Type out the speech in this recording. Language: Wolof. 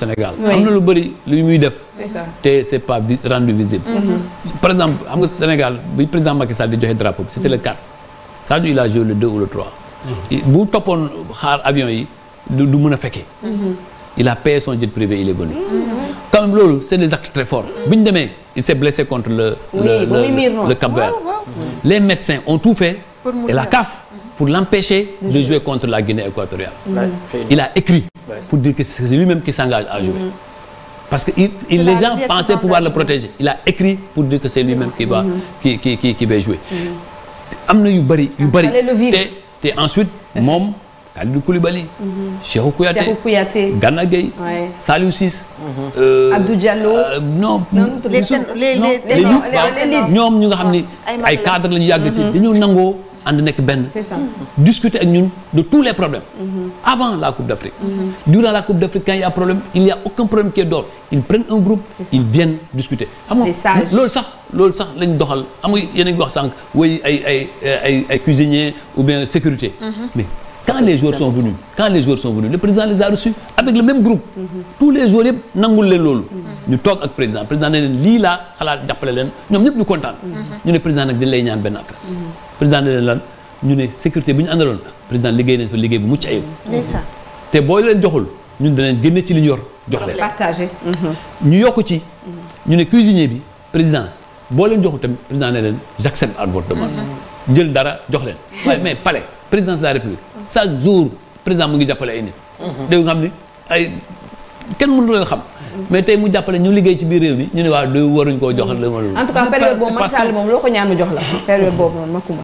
Sénégal am na lu bëri lu muy def te c'est pas rendu visible mm-hmm. par exemple am nga Sénégal bi président Macky sa di joxe c'était le 4 Sadio mm-hmm. il a joué le 2 ou le 3 mm-hmm. bu toppoon xaar avion yi du mën a il a payé son jet privé il est venu quand même loolu c'est des actes très forts bi ñu demee il s'est blessé contre le le le Cap-Vert les médecins ont tout fait et la CAF pour l'empêcher de jouer contre la Guinée équatoriale il a écrit pour dire que c'est lui-même qui s'engage à jouer. Mm-hmm. Parce que les gens pensaient pouvoir le protéger. Il a écrit pour dire que c'est lui-même qui va mm-hmm. qui va jouer. Mm-hmm. am na yu bëri yu bëri. te ensuite eh. moom. Kalidou Koulibaly. Cheikhou Kouyaté Cheikhou Kouyaté. Gana Gueye. waay Saliou euh, euh, non non les les les nga xam ni ay cadre lañu yàgg ci dañoo nangoo. ànd nekk benn. c'est ça mm-hmm. discuter ak ñun de tous les problèmes. Mm-hmm. avant la Coupe d'Afrique. Mm-hmm. durant la Coupe d'Afrique quand il y a problème il y a aucun problème qui est d'or ils prennent un groupe. ils viennent discuter. xam sax loolu sax lañ doxal am nga yéen a wax sànq woy ay ay ay ay cuisiniers ou bien sécurité. quand les joueurs sont venus quand les joueurs sont venus le président les a reçus avec le même groupe tous les joueurs yëpp nangul leen loolu ñu toog ak président président ne leen lii laa xalaat jàppale leen ñoom ñu kontaan ñu ne président ne leen lan ñu ne sécurité bi ñu àndaloon président liggéey nañ fa liggéey bu mucc ayib te booy joxul ñun danañ génne ci li jox leen ñu yokk ci ñu ne cuisinier bi président boo leen joxul tamit président ne leen j'accepte à votre demande jël dara jox leen waaye mais palais présidence de la république chaque jour président mu ngi jàppale indi nit mhm. dégg nga xam ni ay kenn mënu leen xam mais tey mu jàppale ñu liggéey ci biir réew mi ñu ne waa du waruñ koo joxal mhm. la ma en tout cas période boobu Macky Sall moom loo ko ñaan jox la période boobu noonu Macoumba